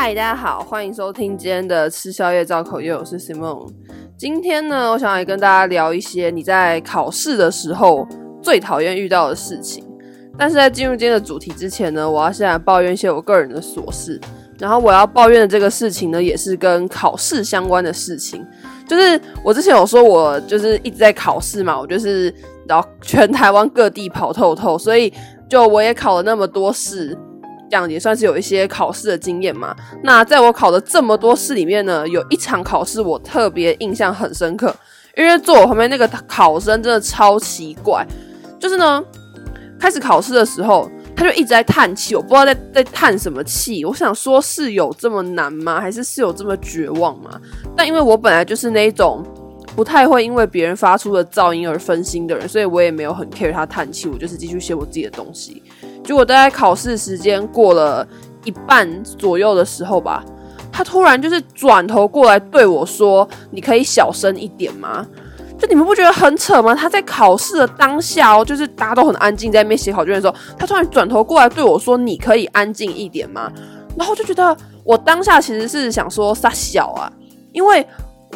嗨，大家好，歡迎收聽今天的吃宵夜造口業。我是 Simon。今天呢，我想來跟大家聊一些你在考試的時候最討厭遇到的事情。但是在進入今天的主題之前呢，我要先來抱怨一些我個人的瑣事。然後我要抱怨的這個事情呢，也是跟考試相關的事情。就是我之前有說，我就是一直在考試嘛，我就是然後全台灣各地跑透透，所以就我也考了那麼多試。這樣也算是有一些考試的經驗嘛。那在我考的這麼多試裡面呢，有一場考試我特別印象很深刻，因為坐我旁邊那個考生真的超奇怪。就是呢，開始考試的時候，他就一直在嘆氣，我不知道在在嘆什麼氣。我想說是有這麼難嗎？還是是有這麼絕望嗎？但因為我本來就是那種不太會因為別人發出的噪音而分心的人，所以我也沒有很 care 他嘆氣，我就是繼續寫我自己的東西。結果在考試時間過了一半左右的時候吧，他突然就是轉頭過來對我說：“你可以小聲一點嗎？”就你們不覺得很扯嗎？他在考試的當下哦，就是大家都很安靜在那邊寫考卷的時候，他突然轉頭過來對我說：“你可以安靜一點嗎？”然後就覺得我當下其實是想說撒小啊，因為。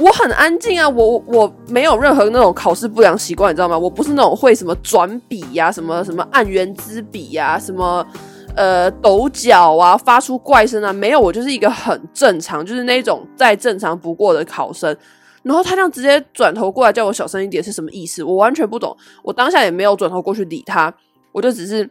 我很安靜啊，我我沒有任何那種考試不良習慣，你知道嗎？我不是那種會什麼轉筆呀、什麼什麼按原子筆呀、什麼呃抖腳啊、發出怪聲啊，沒有，我就是一個很正常，就是那種再正常不過的考生。然後他這樣直接轉頭過來叫我小聲一點是什麼意思？我完全不懂。我當下也沒有轉頭過去理他，我就只是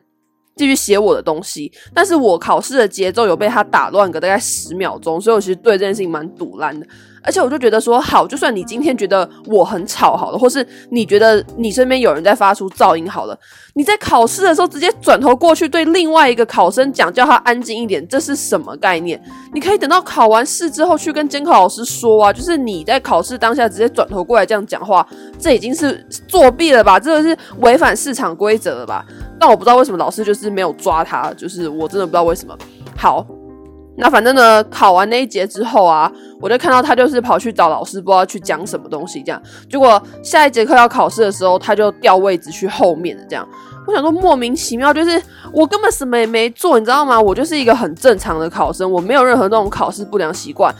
繼續寫我的東西。但是我考試的節奏有被他打亂個大概十秒鐘，所以我其實對這件事情蠻賭爛的。而且我就覺得說好，就算你今天覺得我很吵好了，或是你覺得你身邊有人在發出噪音好了，你在考試的時候直接轉頭過去對另外一個考生講，叫他安靜一點，這是什麼概念？你可以等到考完試之後去跟監考老師說啊，就是你在考試當下直接轉頭過來這樣講話，這已經是作弊了吧？這個是違反市場規則了吧？那我不知道為什麼老師就是沒有抓他，就是我真的不知道為什麼。好。那反正呢，考完那一節之後啊，我就看到他就是跑去找老師，不知道去講什麼東西。這樣，結果下一節課要考試的時候，他就調位置去後面這樣。我想說莫名其妙，就是我根本什麼也沒做，你知道嗎？我就是一個很正常的考生，我沒有任何那種考試不良習慣。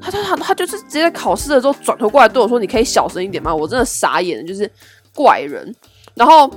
他他他他就是直接考試的時候轉頭過來對我說：“你可以小聲一點嗎？”我真的傻眼，就是怪人。然後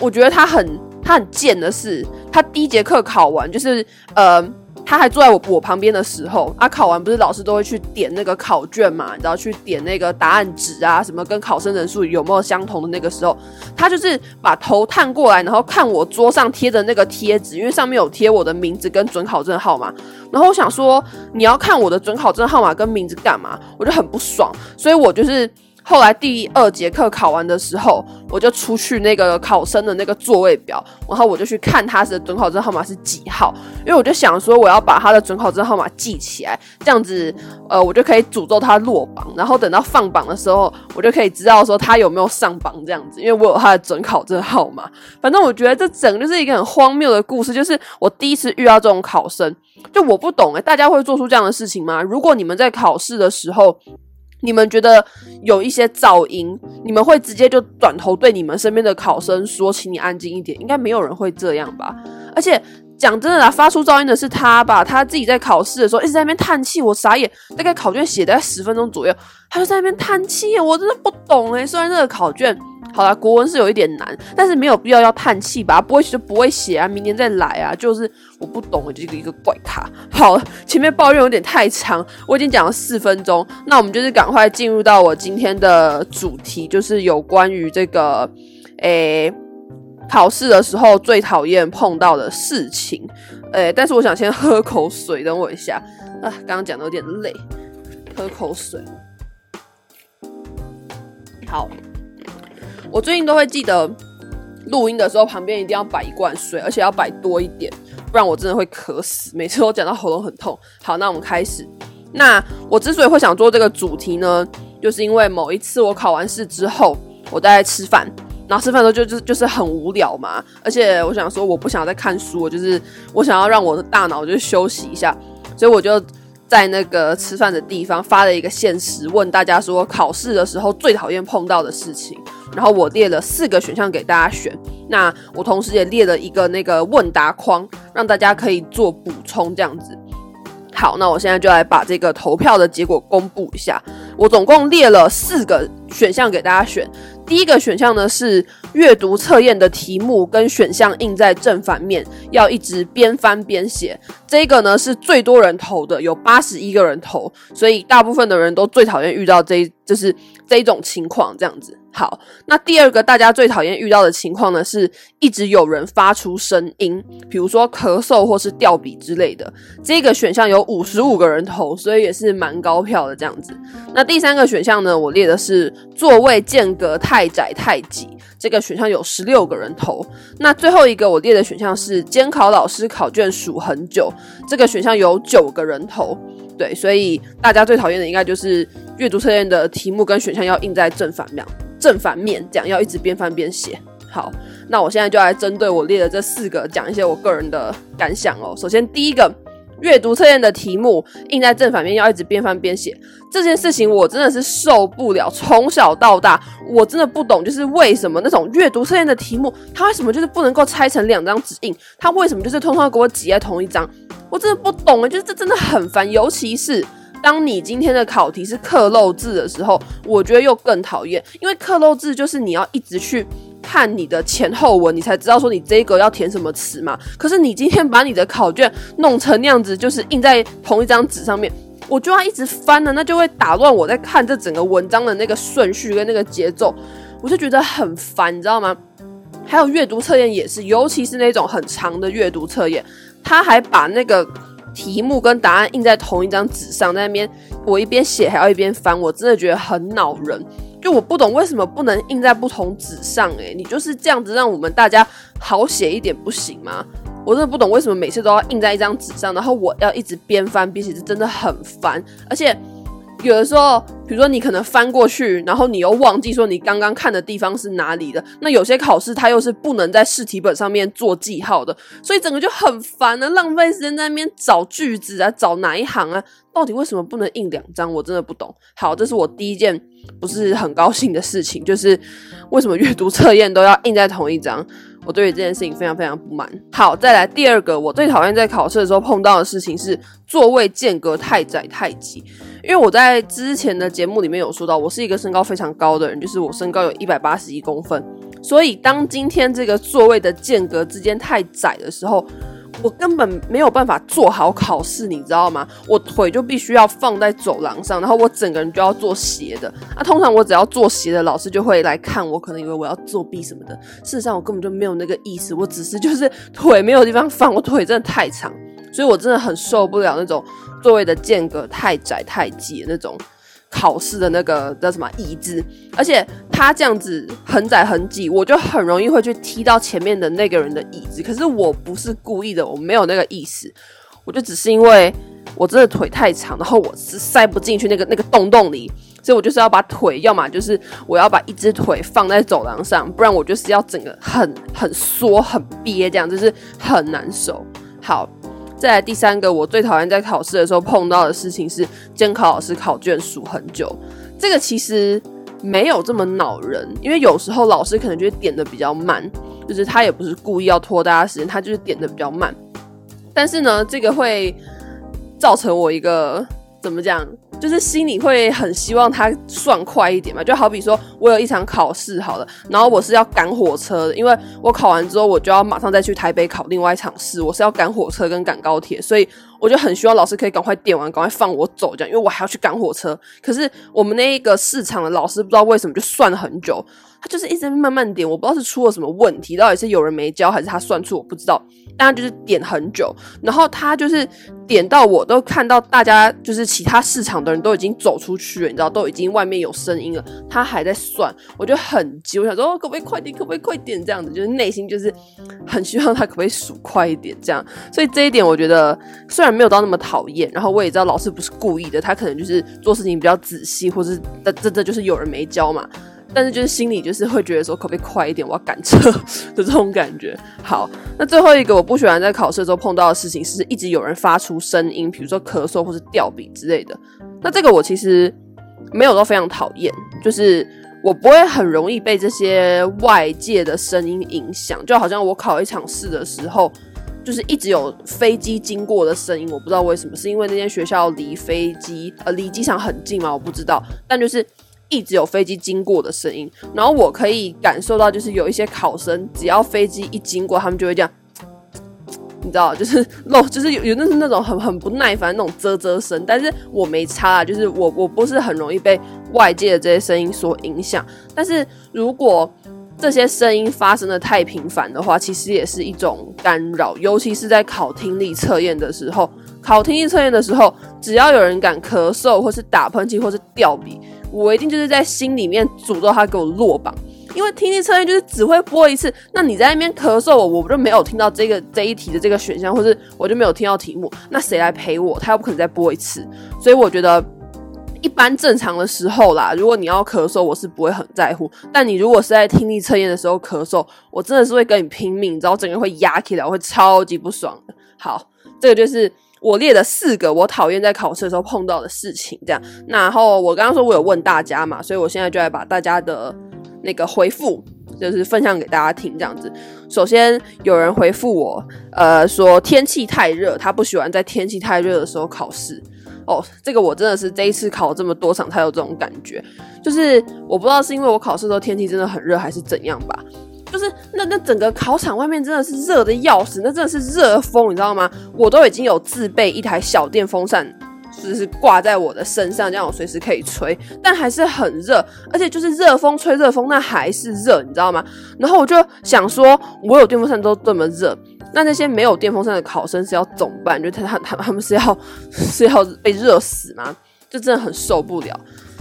我覺得他很他很賤的是，他第一節課考完就是呃。他還坐在我我旁邊的時候，啊，考完不是老師都會去點那個考卷嘛？你知道去點那個答案紙啊，什麼跟考生人數有沒有相同的那個時候，他就是把頭探過來，然後看我桌上貼的那個貼紙，因為上面有貼我的名字跟准考證號碼。然後我想說，你要看我的准考證號碼跟名字幹嘛？我就很不爽，所以我就是。後來第二節課考完的時候，我就出去那個考生的那個座位表，然後我就去看他的准考證號碼是幾號，因為我就想說我要把他的准考證號碼記起來，這樣子呃我就可以詛咒他落榜，然後等到放榜的時候，我就可以知道說他有沒有上榜這樣子，因為我有他的准考證號碼。反正我覺得這整個就是一個很荒謬的故事，就是我第一次遇到這種考生，就我不懂誒、欸，大家會做出這樣的事情嗎？如果你們在考試的時候。你們覺得有一些噪音，你們會直接就轉頭對你們身邊的考生說，請你安靜一點。應該沒有人會這樣吧？而且講真的啦，發出噪音的是他吧？他自己在考試的時候一直在那邊嘆氣，我傻眼。大概考卷寫在十分鐘左右，他就在那邊嘆氣，我真的不懂誒雖然這個考卷。好啦，國文是有一點難，但是沒有必要要嘆氣吧，不會寫就不會寫啊，明年再來啊，就是我不懂，我就一個，一個怪咖。好，前面抱怨有點太長，我已經講了四分鐘，那我們就是趕快進入到我今天的主題，就是有關於這個，誒、欸，考試的時候最討厭碰到的事情，誒、欸，但是我想先喝口水，等我一下啊，剛剛講的有點累，喝口水，好。我最近都會記得錄音的時候，旁邊一定要擺一罐水，而且要擺多一點，不然我真的會渴死。每次我講到喉嚨很痛。好，那我們開始。那我之所以會想做這個主題呢，就是因為某一次我考完試之後，我在吃飯，然後吃飯的時候就就就是很無聊嘛，而且我想說我不想再看書，我就是我想要讓我的大腦就休息一下，所以我就在那個吃飯的地方發了一個限時，問大家說考試的時候最討厭碰到的事情。然後我列了四個選項給大家選，那我同時也列了一個那個問答框，讓大家可以做補充這樣子。好，那我現在就來把這個投票的結果公布一下。我總共列了四個選項給大家選，第一個選項呢是閱讀測驗的題目跟選項印在正反面，要一直邊翻邊寫。這個呢是最多人投的，有八十一個人投，所以大部分的人都最討厭遇到這一，就是。這一種情況，這樣子。好，那第二個大家最討厭遇到的情況呢，是一直有人發出聲音，比如說咳嗽或是掉筆之類的。這個選項有五十五個人投，所以也是蠻高票的這樣子。那第三個選項呢，我列的是座位間隔太窄太擠，這個選項有十六個人投。那最後一個我列的選項是監考老師考卷數很久，這個選項有九個人投。對，所以大家最討厭的應該就是閱讀測驗的題目跟選項要印在正反面，正反面這樣要一直邊翻邊寫。好，那我現在就來針對我列的這四個講一些我個人的感想哦。首先第一個。閱讀測驗的題目印在正反面，要一直邊翻邊寫這件事情，我真的是受不了。從小到大，我真的不懂，就是為什麼那種閱讀測驗的題目，它為什麼就是不能夠拆成兩張紙印，它為什麼就是通通給我擠在同一張，我真的不懂哎、欸，就是這真的很煩。尤其是當你今天的考題是克漏字的時候，我覺得又更討厭，因為克漏字就是你要一直去。看你的前後文，你才知道說你這一格要填什麼詞嘛。可是你今天把你的考卷弄成那樣子，就是印在同一張紙上面，我就要一直翻了，那就會打亂我在看這整個文章的那個順序跟那個節奏，我就覺得很煩，你知道嗎？還有閱讀測驗也是，尤其是那種很長的閱讀測驗，他還把那個題目跟答案印在同一張紙上，在那邊我一邊寫還要一邊翻，我真的覺得很惱人。就我不懂為什麼不能印在不同紙上哎、欸，你就是這樣子讓我們大家好寫一點不行嗎？我真的不懂為什麼每次都要印在一張紙上，然後我要一直邊翻邊寫，是真的很煩，而且。有的時候，比如說你可能翻過去，然後你又忘記說你剛剛看的地方是哪裡的。那有些考試它又是不能在試題本上面做記號的，所以整個就很煩啊，浪費時間在那邊找句子啊，找哪一行啊，到底為什麼不能印兩張？我真的不懂。好，這是我第一件不是很高興的事情，就是為什麼閱讀測驗都要印在同一張？我對於這件事情非常非常不滿。好，再來第二個，我最討厭在考試的時候碰到的事情是座位間隔太窄太擠。因為我在之前的節目裡面有說到，我是一個身高非常高的人，就是我身高有一百八十一公分，所以當今天這個座位的間隔之間太窄的時候，我根本沒有辦法坐好考試，你知道嗎？我腿就必須要放在走廊上，然後我整個人就要坐斜的。那、啊、通常我只要坐斜的，老師就會來看我，可能以為我要作弊什麼的。事實上，我根本就沒有那個意思，我只是就是腿沒有地方放，我腿真的太長，所以我真的很受不了那種。座位的間隔太窄太擠那種，考試的那個那叫什麼椅子，而且它這樣子很窄很擠，我就很容易會去踢到前面的那個人的椅子。可是我不是故意的，我沒有那個意思，我就只是因為我真的腿太長，然後我是塞不進去那個那個洞洞裡，所以我就是要把腿，要麼就是我要把一隻腿放在走廊上，不然我就是要整個很很縮很憋這樣，就是很難受。好。再來第三個，我最討厭在考試的時候碰到的事情是監考老師考卷數很久。這個其實沒有這麼惱人，因為有時候老師可能就會點的比較慢，就是他也不是故意要拖大家時間，他就是點的比較慢。但是呢，這個會造成我一個怎麼講？就是心裡會很希望他算快一點嘛，就好比說我有一場考試好了，然後我是要趕火車的，因為我考完之後我就要馬上再去台北考另外一場試，我是要趕火車跟趕高鐵，所以我就很希望老師可以趕快點完，趕快放我走這樣，因為我還要去趕火車。可是我們那個試場的老師不知道為什麼就算了很久，他就是一直慢慢點，我不知道是出了什麼問題，到底是有人沒交還是他算錯，我不知道。但他就是點很久，然後他就是點到我都看到大家就是其他試場。的人都已經走出去了，你知道，都已經外面有聲音了，他還在算，我就很很急。我想說，哦，可不可以快點？可不可以快點？這樣子，就是內心就是很希望他可不可以數快一點，這樣。所以這一點，我覺得雖然沒有到那麼討厭，然後我也知道老師不是故意的，他可能就是做事情比較仔細，或是但真的，的，的就是有人沒教嘛。但是就是心裡就是會覺得說，可不可以快一點？我要趕車的這種感覺。好，那最後一個我不喜歡在考試的時候碰到的事情是，一直有人發出聲音，比如說咳嗽或者掉筆之類的。那這個我其實沒有都非常討厭，就是我不會很容易被這些外界的聲音影響。就好像我考一場試的時候，就是一直有飛機經過的聲音，我不知道為什麼，是因為那間學校離飛機，呃，離機場很近嗎？我不知道，但就是一直有飛機經過的聲音，然後我可以感受到，就是有一些考生只要飛機一經過，他們就會這樣。你知道，就是漏，就是有有那是那種很很不耐煩那種嘖嘖聲，但是我沒差啊，就是我我不是很容易被外界的這些聲音所影響。但是如果這些聲音發生的太頻繁的話，其實也是一種干擾，尤其是在考聽力測驗的時候。考聽力測驗的時候，只要有人敢咳嗽，或是打噴嚏，或是掉筆，我一定就是在心裡面詛咒他給我落榜。因為聽力測驗就是只會播一次，那你在那邊咳嗽我，我我就沒有聽到這個這一題的這個選項，或是我就沒有聽到題目，那誰來陪我？他又不肯再播一次，所以我覺得一般正常的時候啦，如果你要咳嗽，我是不會很在乎。但你如果是在聽力測驗的時候咳嗽，我真的是會跟你拼命，你知道，整個會壓起來，我會超級不爽。好，這個就是我列了四個我討厭在考試的時候碰到的事情，這樣。然後我剛剛說我有問大家嘛，所以我現在就來把大家的。那個回復就是分享給大家聽這樣子。首先有人回復我，呃，說天氣太熱，他不喜歡在天氣太熱的時候考試。哦，這個我真的是這一次考這麼多場才有這種感覺，就是我不知道是因為我考試的時候天氣真的很熱還是怎樣吧。就是那那整個考場外面真的是熱得要死，那真的是熱風，你知道嗎？我都已經有自備一台小電風扇。只、就是掛在我的身上，這樣我隨時可以吹，但還是很熱，而且就是熱風吹熱風，那還是熱，你知道嗎？然後我就想說，我有電風扇都這麼熱，那那些沒有電風扇的考生是要怎麼辦？就他他他他們是要是要被熱死嗎？就真的很受不了。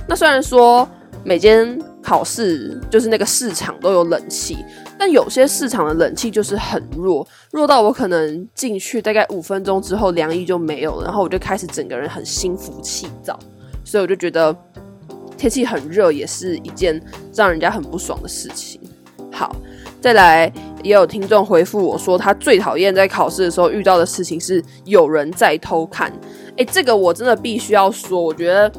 那雖然說。每間考試就是那個市場都有冷氣，但有些市場的冷氣就是很弱，弱到我可能進去大概五分鐘之後涼意就沒有了，然後我就開始整個人很心浮氣躁，所以我就覺得天氣很熱也是一件讓人家很不爽的事情。好，再來也有聽眾回復我說他最討厭在考試的時候遇到的事情是有人在偷看。誒、欸，這個我真的必須要說，我覺得。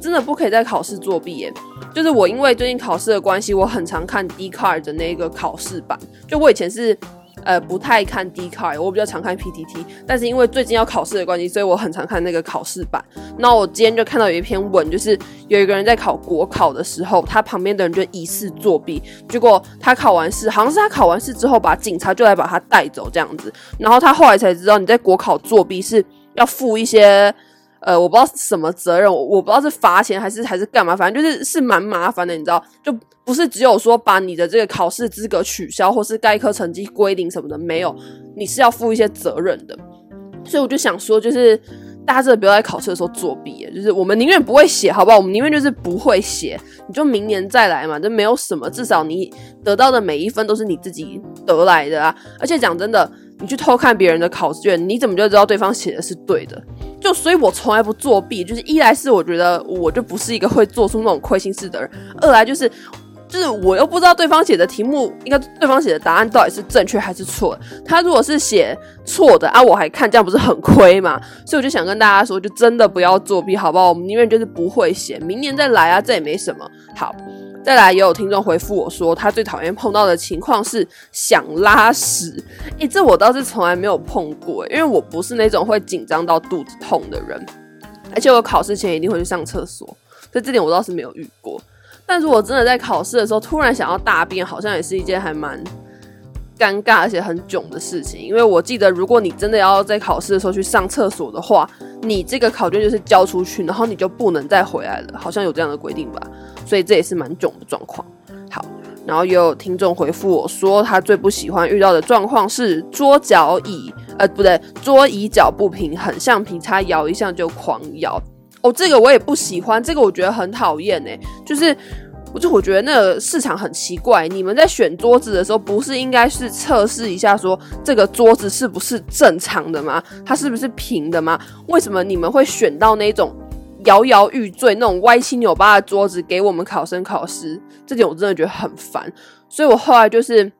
真的不可以在考試作弊耶、欸！就是我因為最近考試的關係，我很常看 Dcard 的那個考試版。就我以前是呃不太看 Dcard，我比較常看 PTT。但是因為最近要考試的關係，所以我很常看那個考試版。然後我今天就看到有一篇文，就是有一個人在考國考的時候，他旁邊的人就疑似作弊，結果他考完試，好像是他考完試之後，把警察就來把他帶走這樣子。然後他後來才知道，你在國考作弊是要付一些。呃，我不知道是什麼責任，我我不知道是罰錢還是還是幹嘛，反正就是是蠻麻煩的，你知道，就不是只有說把你的這個考試資格取消，或是該科成績歸零什麼的，沒有，你是要負一些責任的。所以我就想說，就是大家真的不要在考試的時候作弊，就是我們寧願不會寫，好不好？我們寧願就是不會寫，你就明年再來嘛，就沒有什麼，至少你得到的每一分都是你自己得來的啊。而且講真的，你去偷看別人的考卷，你怎麼就知道對方寫的是對的？就所以，我從來不作弊。就是一來是我覺得我就不是一個會做出那種虧心事的人；二來就是，就是我又不知道對方寫的題目，應該對方寫的答案到底是正確還是錯的。他如果是寫錯的啊，我還看，這樣不是很虧嗎？所以我就想跟大家說，就真的不要作弊，好不好？我們寧願就是不會寫，明年再來啊，這也沒什麼。好。再來也有聽眾回復我說，他最討厭碰到的情況是想拉屎。誒、欸，這我倒是從來沒有碰過、欸，因為我不是那種會緊張到肚子痛的人，而且我考試前一定會去上廁所，所以這點我倒是沒有遇過。但如果真的在考試的時候突然想要大便，好像也是一件還蠻……尷尬而且很囧的事情，因為我記得，如果你真的要在考試的時候去上廁所的話，你這個考卷就是交出去，然後你就不能再回來了，好像有這樣的規定吧？所以這也是蠻囧的狀況。好，然後也有聽眾回覆我說，他最不喜歡遇到的狀況是桌腳椅，呃，不對，桌椅腳不平衡，橡皮擦搖一下就狂搖。哦，這個我也不喜歡，這個我覺得很討厭誒、欸，就是。我就我覺得那個市場很奇怪，你們在選桌子的時候，不是應該是測試一下說，說這個桌子是不是正常的嗎？它是不是平的嗎？為什麼你們會選到那種搖搖欲墜、那種歪七扭八的桌子給我們考生考試？這點我真的覺得很煩。所以我後來就是，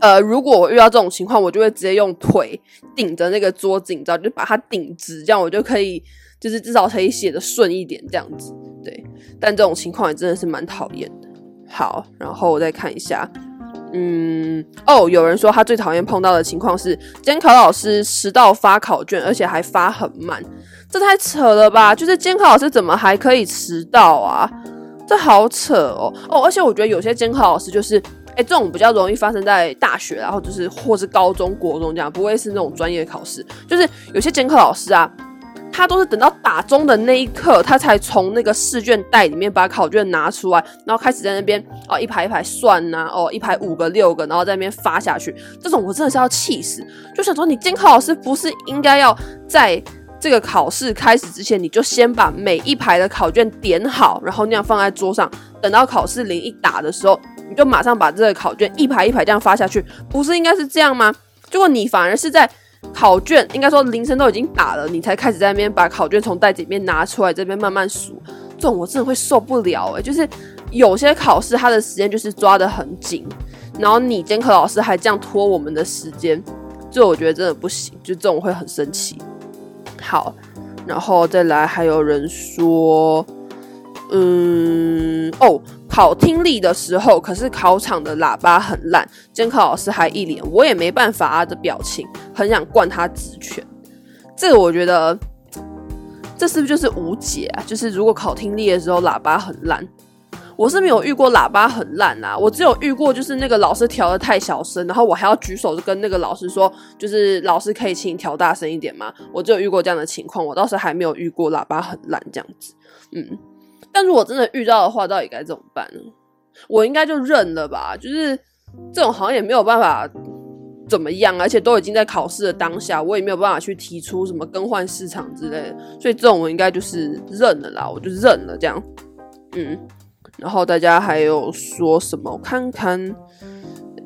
呃，如果我遇到這種情況，我就會直接用腿頂着那個桌子，你知道，就把它頂直，這樣我就可以。就是至少可以寫得順一點這樣子，對。但這種情況也真的是蠻討厭的。好，然後我再看一下，嗯，哦，有人說他最討厭碰到的情況是監考老師遲到發考卷，而且還發很慢。這太扯了吧！就是監考老師怎麼還可以遲到啊？這好扯哦。哦，而且我覺得有些監考老師就是，誒、欸，這種比較容易發生在大學，然後就是或是高中國中這樣，不會是那種專業考試。就是有些監考老師啊。他都是等到打鐘的那一刻，他才從那個試卷袋裡面把考卷拿出來，然後開始在那邊哦一排一排算吶、啊，哦一排五個六個，然後在那邊發下去。這種我真的是要氣死，就想說你監考老師不是應該要在這個考試開始之前，你就先把每一排的考卷點好，然後那樣放在桌上，等到考試鈴一打的時候，你就馬上把這個考卷一排一排這樣發下去，不是應該是這樣嗎？結果你反而是在。考卷應該說鈴聲都已經打了，你才開始在那邊把考卷從袋子裡面拿出來，這邊慢慢數。這種我真的會受不了誒、欸。就是有些考試它的時間就是抓得很緊，然後你監考老師還這樣拖我們的時間，這我覺得真的不行，就這種會很生氣。好，然後再來還有人說，嗯，哦。考聽力的時候，可是考場的喇叭很爛，監考老師還一臉“我也沒辦法啊”的表情，很想灌他直拳。這個我覺得，這是不是就是無解啊？就是如果考聽力的時候喇叭很爛，我是沒有遇過喇叭很爛啊。我只有遇過就是那個老師調得太小聲，然後我還要舉手就跟那個老師說，就是老師可以請你調大聲一點嗎？我只有遇過這樣的情況，我倒是還沒有遇過喇叭很爛這樣子。嗯。但如果真的遇到的話，到底該怎麼辦呢？我應該就認了吧，就是這種好像也沒有辦法怎麼樣，而且都已經在考試的當下，我也沒有辦法去提出什麼更換市場之類的，所以這種我應該就是認了啦，我就認了這樣，嗯，然後大家還有說什麼？我看看，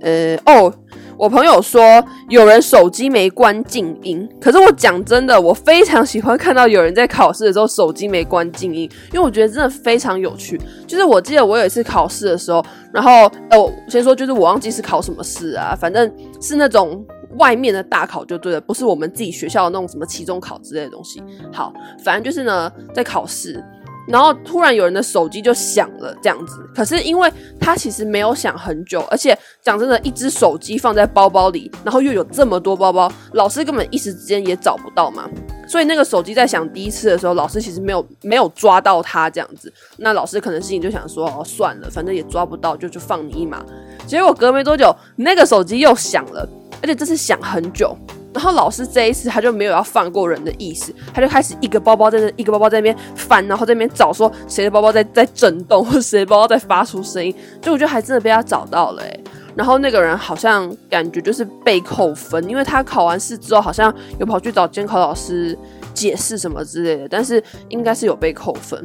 呃，哦。我朋友說有人手機沒關靜音，可是我講真的，我非常喜歡看到有人在考試的時候手機沒關靜音，因為我覺得真的非常有趣。就是我記得我有一次考試的時候，然後呃，我先說就是我忘記是考什麼試啊，反正是那種外面的大考就對了，不是我們自己學校那種什麼期中考之類的東西。好，反正就是呢，在考試。然後突然有人的手機就響了，這樣子。可是因為他其實沒有響很久，而且講真的，一只手機放在包包裡，然後又有這麼多包包，老師根本一時之間也找不到嘛。所以那個手機在響第一次的時候，老師其實沒有沒有抓到他這樣子。那老師可能心裡就想說，哦，算了，反正也抓不到，就就放你一馬。結果隔沒多久，那個手機又響了，而且這次響很久。然後老師這一次他就沒有要放過人的意思，他就開始一個包包在那，一個包包在那邊翻，然後在那邊找說誰的包包在在震動或誰的包包在發出聲音，所以我覺得還真的被他找到了，欸。然後那個人好像感覺就是被扣分，因為他考完試之後好像有跑去找監考老師解釋什麼之類的，但是應該是有被扣分，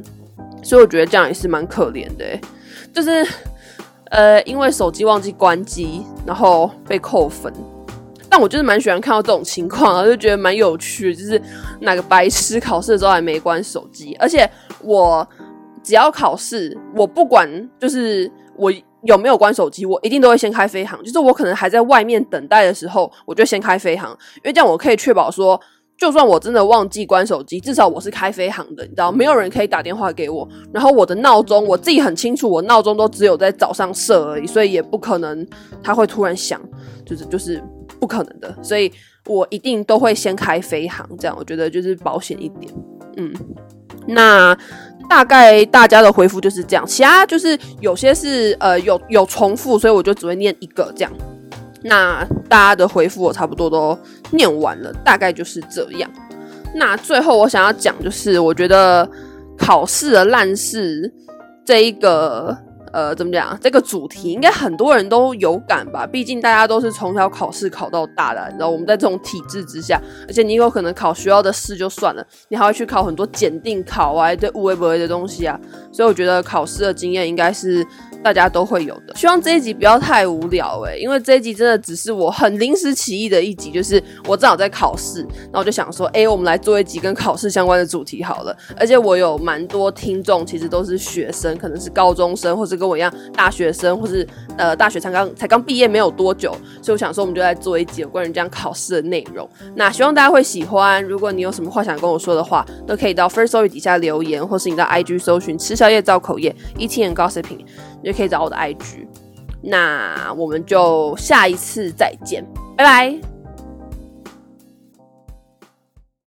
所以我覺得這樣也是蠻可憐的，欸，就是呃因為手機忘記關機，然後被扣分。但我就是蠻喜歡看到這種情況啊，我就覺得蠻有趣，就是哪個白痴考試的時候還沒關手機。而且我只要考試，我不管就是我有沒有關手機，我一定都會先開飛航。就是我可能還在外面等待的時候，我就先開飛航，因為這樣我可以確保說，就算我真的忘記關手機，至少我是開飛航的，你知道，沒有人可以打電話給我。然後我的鬧鐘，我自己很清楚，我鬧鐘都只有在早上設而已，所以也不可能他會突然響，就是就是。不可能的，所以我一定都會先開飛航，這樣我覺得就是保險一點。嗯，那大概大家的回復就是這樣，其他就是有些是呃有有重複，所以我就只會念一個這樣。那大家的回復我差不多都念完了，大概就是這樣。那最後我想要講就是，我覺得考試的爛事這一個。呃，怎麼講？這個主題應該很多人都有感吧？畢竟大家都是從小考試考到大的啊，然後我們在這種體制之下，而且你有可能考學校的試就算了，你還要去考很多檢定考啊，一堆烏龜不龜的東西啊，所以我覺得考試的經驗應該是。大家都會有的，希望這一集不要太無聊，欸、因為這一集真的只是我很臨時起意的一集，就是我正好在考試，那我就想說，哎，欸，我們來做一集跟考試相關的主題好了。而且我有蠻多聽眾，其實都是學生，可能是高中生，或是跟我一樣大學生，或是呃大學才剛才剛畢業沒有多久，所以我想說，我們就來做一集有關於這樣考試的內容。那希望大家會喜歡。如果你有什麼話想跟我說的話，都可以到 Firstory 底下留言，或是你到 IG 搜尋“吃宵夜造口業 Eating and Gossiping”。也可以找我的 IG，那我們就下一次再見，拜拜。